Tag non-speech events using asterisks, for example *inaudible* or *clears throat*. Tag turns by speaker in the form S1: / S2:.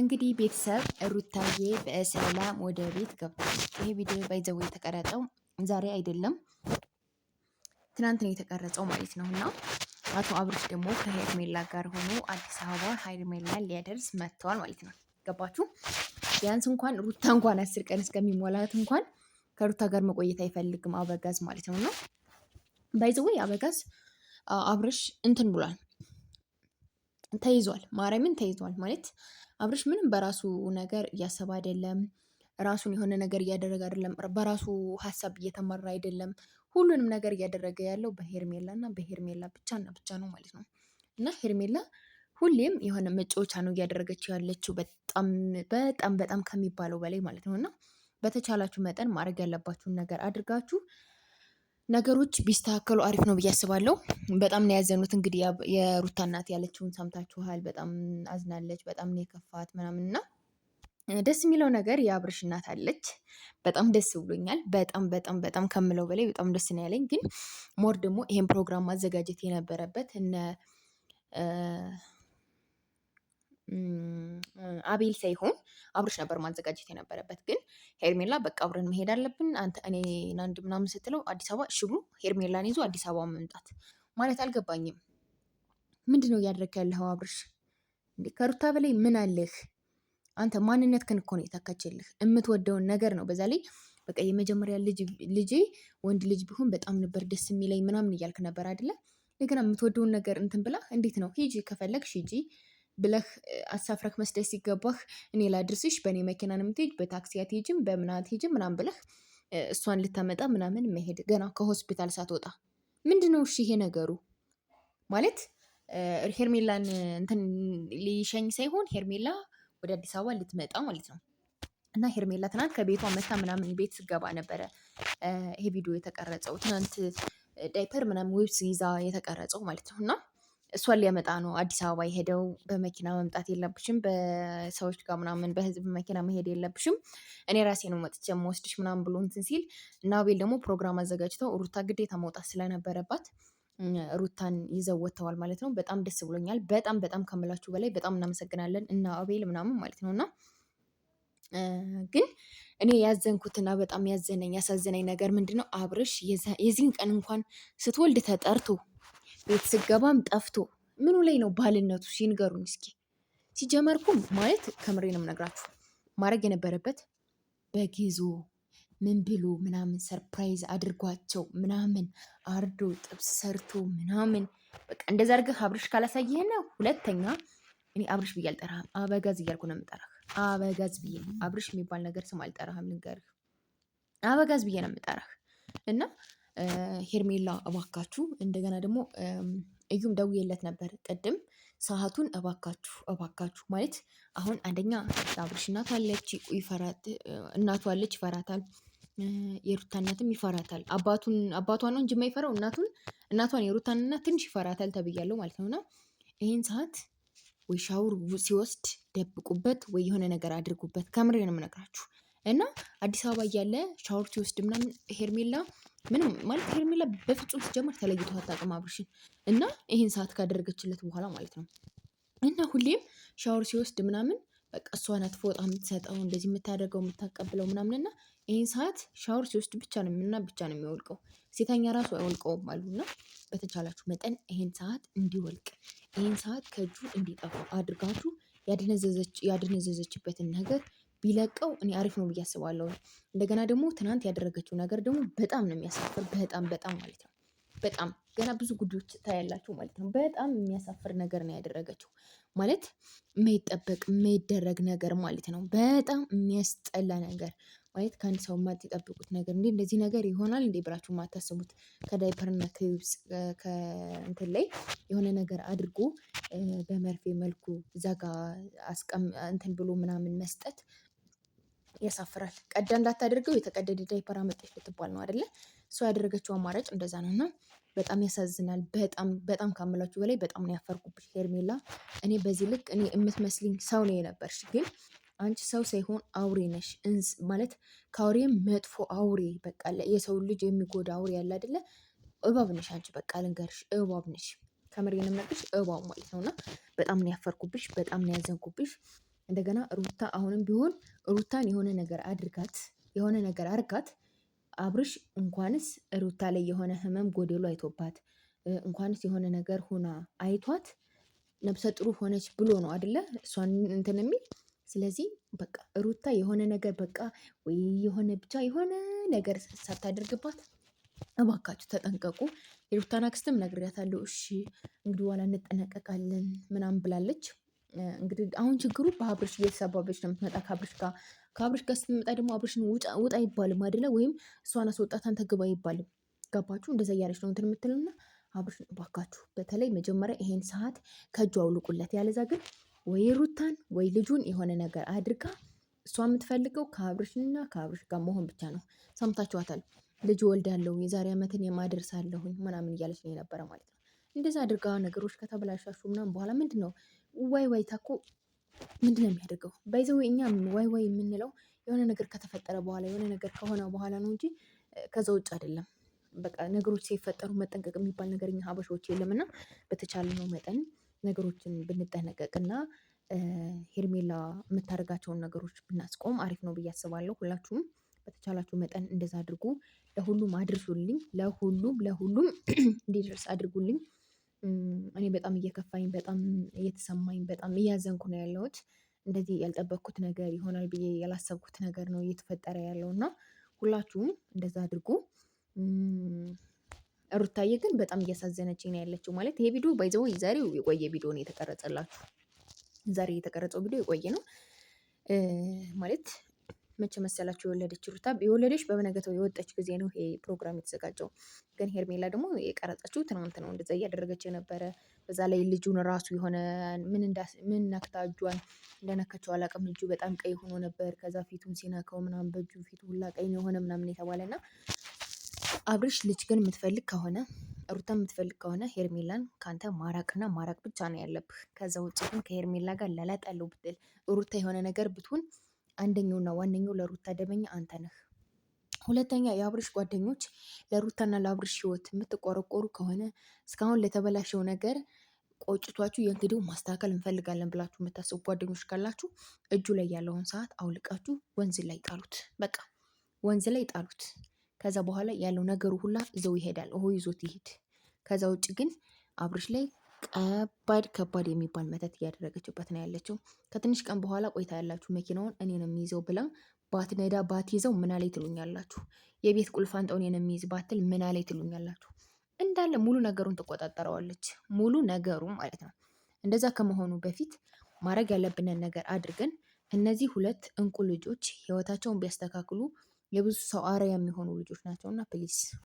S1: እንግዲህ ቤተሰብ ሩታዬ በሰላም ወደ ቤት ገብታለች። ይሄ ቪዲዮ ባይዘው የተቀረጸው ዛሬ አይደለም ትናንት ነው የተቀረጸው ማለት ነው። እና አቶ አብርሽ ደግሞ ከሄርሜላ ጋር ሆኖ አዲስ አበባ ሄርሜላን ሊያደርስ መጥተዋል ማለት ነው። ገባችሁ? ቢያንስ እንኳን ሩታ እንኳን አስር ቀን እስከሚሞላት እንኳን ከሩታ ጋር መቆየት አይፈልግም አበጋዝ ማለት ነው። እና ባይዘው አበጋዝ አብርሽ እንትን ብሏል ተይዟል፣ ማርያምን ተይዟል ማለት አብርሽ ምንም በራሱ ነገር እያሰበ አይደለም። ራሱን የሆነ ነገር እያደረገ አይደለም። በራሱ ሀሳብ እየተመራ አይደለም። ሁሉንም ነገር እያደረገ ያለው በሄርሜላ እና በሄርሜላ ብቻ እና ብቻ ነው ማለት ነው። እና ሄርሜላ ሁሌም የሆነ መጫወቻ ነው እያደረገችው ያለችው በጣም በጣም በጣም ከሚባለው በላይ ማለት ነው። እና በተቻላችሁ መጠን ማድረግ ያለባችሁን ነገር አድርጋችሁ ነገሮች ቢስተካከሉ አሪፍ ነው ብዬ አስባለሁ። በጣም ነው ያዘኑት እንግዲህ የሩታ እናት ያለችውን ሰምታችኋል። በጣም አዝናለች በጣም ነው የከፋት ምናምን እና ደስ የሚለው ነገር የአብርሽ እናት አለች። በጣም ደስ ብሎኛል። በጣም በጣም በጣም ከምለው በላይ በጣም ደስ ነው ያለኝ። ግን ሞር ደግሞ ይሄን ፕሮግራም ማዘጋጀት የነበረበት እነ አቤል ሳይሆን አብርሽ ነበር ማዘጋጀት የነበረበት። ግን ሄርሜላ በቃ አብረን መሄድ አለብን አንተ እኔ ናንድ ምናምን ስትለው አዲስ አበባ እሺ ብሎ ሄርሜላን ይዞ አዲስ አበባ መምጣት ማለት አልገባኝም። ምንድን ነው እያደረግ ያለኸው አብርሽ? እንዴ ከሩታ በላይ ምን አለህ አንተ? ማንነት እኮ ነው የምትወደውን ነገር ነው በዛ ላይ በቃ የመጀመሪያ ልጄ ወንድ ልጅ ቢሆን በጣም ነበር ደስ የሚለኝ ምናምን እያልክ ነበር አይደለ? እንደገና የምትወደውን ነገር እንትን ብላ እንዴት ነው ሂጂ፣ ከፈለግሽ ሂጂ ብለህ አሳፍረክ መስደህ ሲገባህ እኔ ላድርስሽ፣ በእኔ መኪና ነው የምትሄጅ፣ በታክሲ አትሄጅም፣ በምን አትሄጅም ምናምን ብለህ እሷን ልታመጣ ምናምን መሄድ ገና ከሆስፒታል ሳትወጣ። ምንድነው እሺ ይሄ ነገሩ ማለት ሄርሜላን እንትን ሊሸኝ ሳይሆን ሄርሜላ ወደ አዲስ አበባ ልትመጣ ማለት ነው። እና ሄርሜላ ትናንት ከቤቷ መታ ምናምን ቤት ስገባ ነበረ ይሄ ቪዲዮ የተቀረጸው። ትናንት ዳይፐር ምናምን ዌብስ ይዛ የተቀረጸው ማለት ነው እና እሷን ሊያመጣ ነው አዲስ አበባ የሄደው። በመኪና መምጣት የለብሽም በሰዎች ጋር ምናምን በህዝብ መኪና መሄድ የለብሽም እኔ ራሴ ነው መጥቼ የምወስድሽ ምናምን ብሎ እንትን ሲል እና አቤል ደግሞ ፕሮግራም አዘጋጅተው ሩታ ግዴታ መውጣት ስለነበረባት ሩታን ይዘው ወጥተዋል ማለት ነው። በጣም ደስ ብሎኛል። በጣም በጣም ከምላችሁ በላይ በጣም እናመሰግናለን እና አቤል ምናምን ማለት ነው እና ግን እኔ ያዘንኩትና በጣም ያዘነኝ ያሳዘነኝ ነገር ምንድን ነው አብርሽ የዚህን ቀን እንኳን ስትወልድ ተጠርቶ ቤት ስገባም ጠፍቶ ምኑ ላይ ነው ባልነቱ ሲንገሩኝ እስኪ። ሲጀመርኩም ማለት ከምሬ ነው የምነግራችሁ ማድረግ የነበረበት በጊዞ ምን ብሎ ምናምን ሰርፕራይዝ አድርጓቸው ምናምን አርዶ ጥብስ ሰርቶ ምናምን በቃ እንደዛ አድርገህ አብርሽ ካላሳየህና ሁለተኛ እኔ አብርሽ ብዬ አልጠራህም፣ አበጋዝ እያልኩ ነው የምጠራህ። አበጋዝ ብዬ አብርሽ የሚባል ነገር ስም አልጠራህም፣ ልንገርህ። አበጋዝ ብዬ ነው የምጠራህ እና ሄርሜላ እባካችሁ እንደገና ደግሞ እዩም ደውዬለት ነበር ቅድም ሰአቱን እባካችሁ እባካችሁ ማለት አሁን አንደኛ አብርሽ እናቱ አለች ይፈራት እናቱ አለች ይፈራታል። የሩታ እናትም ይፈራታል። አባቱን አባቷን ነው እንጂ የማይፈራው እናቱን እናቷን የሩታን እናት ትንሽ ይፈራታል ተብያለሁ ማለት ነው ነውና ይህን ሰዓት ወይ ሻውር ሲወስድ ደብቁበት ወይ የሆነ ነገር አድርጉበት። ከምሬ ነው የምነግራችሁ። እና አዲስ አበባ እያለ ሻውር ሲወስድ ምናምን ሄርሜላ ምንም ማለት ሄርሜላ በፍጹም ሲጀመር ተለይቶ አታውቅም አብርሽን እና ይህን ሰዓት ካደረገችለት በኋላ ማለት ነው። እና ሁሌም ሻወር ሲወስድ ምናምን በቃ እሷ ናት ፎጣ የምትሰጠው እንደዚህ የምታደርገው የምታቀብለው ምናምን እና ይህን ሰዓት ሻወር ሲወስድ ብቻ ነው እና ብቻ ነው የሚወልቀው ሴተኛ ራሱ አይወልቀውም አሉ አሉና በተቻላችሁ መጠን ይህን ሰዓት እንዲወልቅ ይህን ሰዓት ከእጁ እንዲጠፋ አድርጋችሁ ያደነዘዘችበትን ነገር ቢለቀው እኔ አሪፍ ነው ብዬ አስባለሁ። እንደገና ደግሞ ትናንት ያደረገችው ነገር ደግሞ በጣም ነው የሚያሳፍር በጣም በጣም ማለት ነው። በጣም ገና ብዙ ጉዳዮች ታያላችሁ ማለት ነው። በጣም የሚያሳፍር ነገር ነው ያደረገችው ማለት የማይጠበቅ የማይደረግ ነገር ማለት ነው። በጣም የሚያስጠላ ነገር ማለት ከአንድ ሰው የማትጠብቁት ነገር እንዴ እንደዚህ ነገር ይሆናል እንዴ ብላችሁ የማታስቡት ከዳይፐርና ክብስ ከእንትን ላይ የሆነ ነገር አድርጎ በመርፌ መልኩ እዛ አስቀም እንትን ብሎ ምናምን መስጠት ያሳፍራል። ቀዳ እንዳታደርገው የተቀደደ ዳይፐር አመጣሽ ልትባል ነው አደለ? እሷ ያደረገችው አማራጭ እንደዛ ነው እና በጣም ያሳዝናል። በጣም በጣም ካምላችሁ በላይ በጣም ነው ያፈርኩብሽ ሄርሜላ። እኔ በዚህ ልክ እኔ የምትመስልኝ ሰው ነው የነበርሽ፣ ግን አንቺ ሰው ሳይሆን አውሬ ነሽ። እንስ ማለት ከአውሬም መጥፎ አውሬ በቃ የሰው ልጅ የሚጎዳ አውሬ ያለ አደለ? እባብ ነሽ አንቺ በቃ ልንገርሽ፣ እባብ ነሽ። ከምሬንም ነግርሽ እባብ ማለት ነውና በጣም ነው ያፈርኩብሽ፣ በጣም ነው ያዘንኩብሽ። እንደገና ሩታ አሁንም ቢሆን ሩታን የሆነ ነገር አድርጋት የሆነ ነገር አርጋት አብርሽ እንኳንስ ሩታ ላይ የሆነ ህመም ጎደሎ አይቶባት እንኳንስ የሆነ ነገር ሆና አይቷት ነብሰ ጥሩ ሆነች ብሎ ነው አደለ? እሷን እንትን የሚል ስለዚህ በቃ ሩታ የሆነ ነገር በቃ ወይ የሆነ ብቻ የሆነ ነገር ሳታደርግባት እባካችሁ ተጠንቀቁ። የሩታን አክስትም ነግሬያታለሁ። እሺ እንግዲህ በኋላ እንጠነቀቃለን ምናምን ብላለች። እንግዲህ አሁን ችግሩ በአብርሽ እየተሳባበች ነው የምትመጣ ከአብርሽ ጋር ከአብርሽ ጋር ስትመጣ ደግሞ አብርሽን ውጣ አይባልም አይደለ? ወይም እሷን አስወጣት አንተ ግባ አይባልም። ገባችሁ? እንደዛ እያለች ነው እንትን የምትልና አብርሽን ባካችሁ፣ በተለይ መጀመሪያ ይሄን ሰዓት ከእጁ አውልቁለት። ያለዛ ግን ወይ ሩታን ወይ ልጁን የሆነ ነገር አድርጋ እሷ የምትፈልገው ከአብርሽና ከአብርሽ ጋር መሆን ብቻ ነው። ሰምታችኋታል። ልጅ ወልዳለሁ የዛሬ ዓመትን የማደርስ አለሁ ምናምን እያለች ነው የነበረ ማለት ነው። እንደዛ አድርጋ ነገሮች ከተበላሻሹ ምናምን በኋላ ምንድን ነው ወይ ወይ ታኮ ምንድን ነው የሚያደርገው? ባይዘው እኛም ወይ ወይ የምንለው የሆነ ነገር ከተፈጠረ በኋላ የሆነ ነገር ከሆነ በኋላ ነው እንጂ ከዛ ውጭ አይደለም። በቃ ነገሮች ሲፈጠሩ መጠንቀቅ የሚባል ነገር እኛ ሀበሾች እና በተቻለነው መጠን ነገሮችን ብንጠነቀቅና ሄርሜላ የምታደርጋቸውን ነገሮች ብናስቆም አሪፍ ነው ብዬ አስባለሁ። ሁላችሁም በተቻላችሁ መጠን እንደዛ አድርጉ። ለሁሉም አድርሱልኝ ለሁሉም ለሁሉም *clears throat* እንዲደርስ አድርጉልኝ እኔ በጣም እየከፋኝ በጣም እየተሰማኝ በጣም እያዘንኩ ነው ያለሁት። እንደዚህ ያልጠበኩት ነገር ይሆናል ብዬ ያላሰብኩት ነገር ነው እየተፈጠረ ያለው እና ሁላችሁም እንደዛ አድርጉ። ሩታዬ ግን በጣም እያሳዘነችኝ ነው ያለችው ማለት ይሄ ቪዲዮ ባይዘው ዛሬው የቆየ ቪዲዮ ነው የተቀረጸላችሁ ዛሬ የተቀረጸው ቪዲዮ የቆየ ነው። ማለት መቼ መሰላችሁ የወለደች ሩታ የወለደች በነገተው የወጣች ጊዜ ነው ይሄ ፕሮግራም የተዘጋጀው። ግን ሄርሜላ ደግሞ የቀረጸችው ትናንት ነው እንደዛ እያደረገች የነበረ። በዛ ላይ ልጁን ራሱ የሆነ ምን ነክታ እጇን እንደነከቸው አላቅም ልጁ በጣም ቀይ ሆኖ ነበር። ከዛ ፊቱን ሲነካው ምናምን በእጁ ፊቱ ሁላ ቀይ የሆነ ምናምን የተባለና አብርሽ ልጅ ግን የምትፈልግ ከሆነ ሩታ የምትፈልግ ከሆነ ሄርሜላን ከአንተ ማራቅና ማራቅ ብቻ ነው ያለብህ። ከዛ ውጭ ግን ከሄርሜላ ጋር ለላጠለው ብትል ሩታ የሆነ ነገር ብትሆን አንደኛውና ዋነኛው ለሩታ ደመኛ አንተ ነህ። ሁለተኛ የአብርሽ ጓደኞች ለሩታና ለአብርሽ ህይወት የምትቆረቆሩ ከሆነ እስካሁን ለተበላሸው ነገር ቆጭቷችሁ የእንግዲው ማስተካከል እንፈልጋለን ብላችሁ የምታስቡ ጓደኞች ካላችሁ እጁ ላይ ያለውን ሰዓት አውልቃችሁ ወንዝ ላይ ጣሉት። በቃ ወንዝ ላይ ጣሉት። ከዛ በኋላ ያለው ነገሩ ሁላ ይዘው ይሄዳል። ሆ ይዞት ይሄድ። ከዛ ውጭ ግን አብርሽ ላይ ከባድ ከባድ የሚባል መተት እያደረገችበት ነው ያለችው። ከትንሽ ቀን በኋላ ቆይታ ያላችሁ መኪናውን እኔ ነው የሚይዘው ብላ ባትነዳ ባትይዘው ምና ላይ ትሉኛላችሁ? የቤት ቁልፍ አንተው እኔ ነው የሚይዝ ባትል ምና ላይ ትሉኛላችሁ? እንዳለ ሙሉ ነገሩን ትቆጣጠረዋለች። ሙሉ ነገሩ ማለት ነው። እንደዛ ከመሆኑ በፊት ማድረግ ያለብንን ነገር አድርገን እነዚህ ሁለት እንቁ ልጆች ህይወታቸውን ቢያስተካክሉ የብዙ ሰው አርአያ የሚሆኑ ልጆች ናቸውና ፕሊስ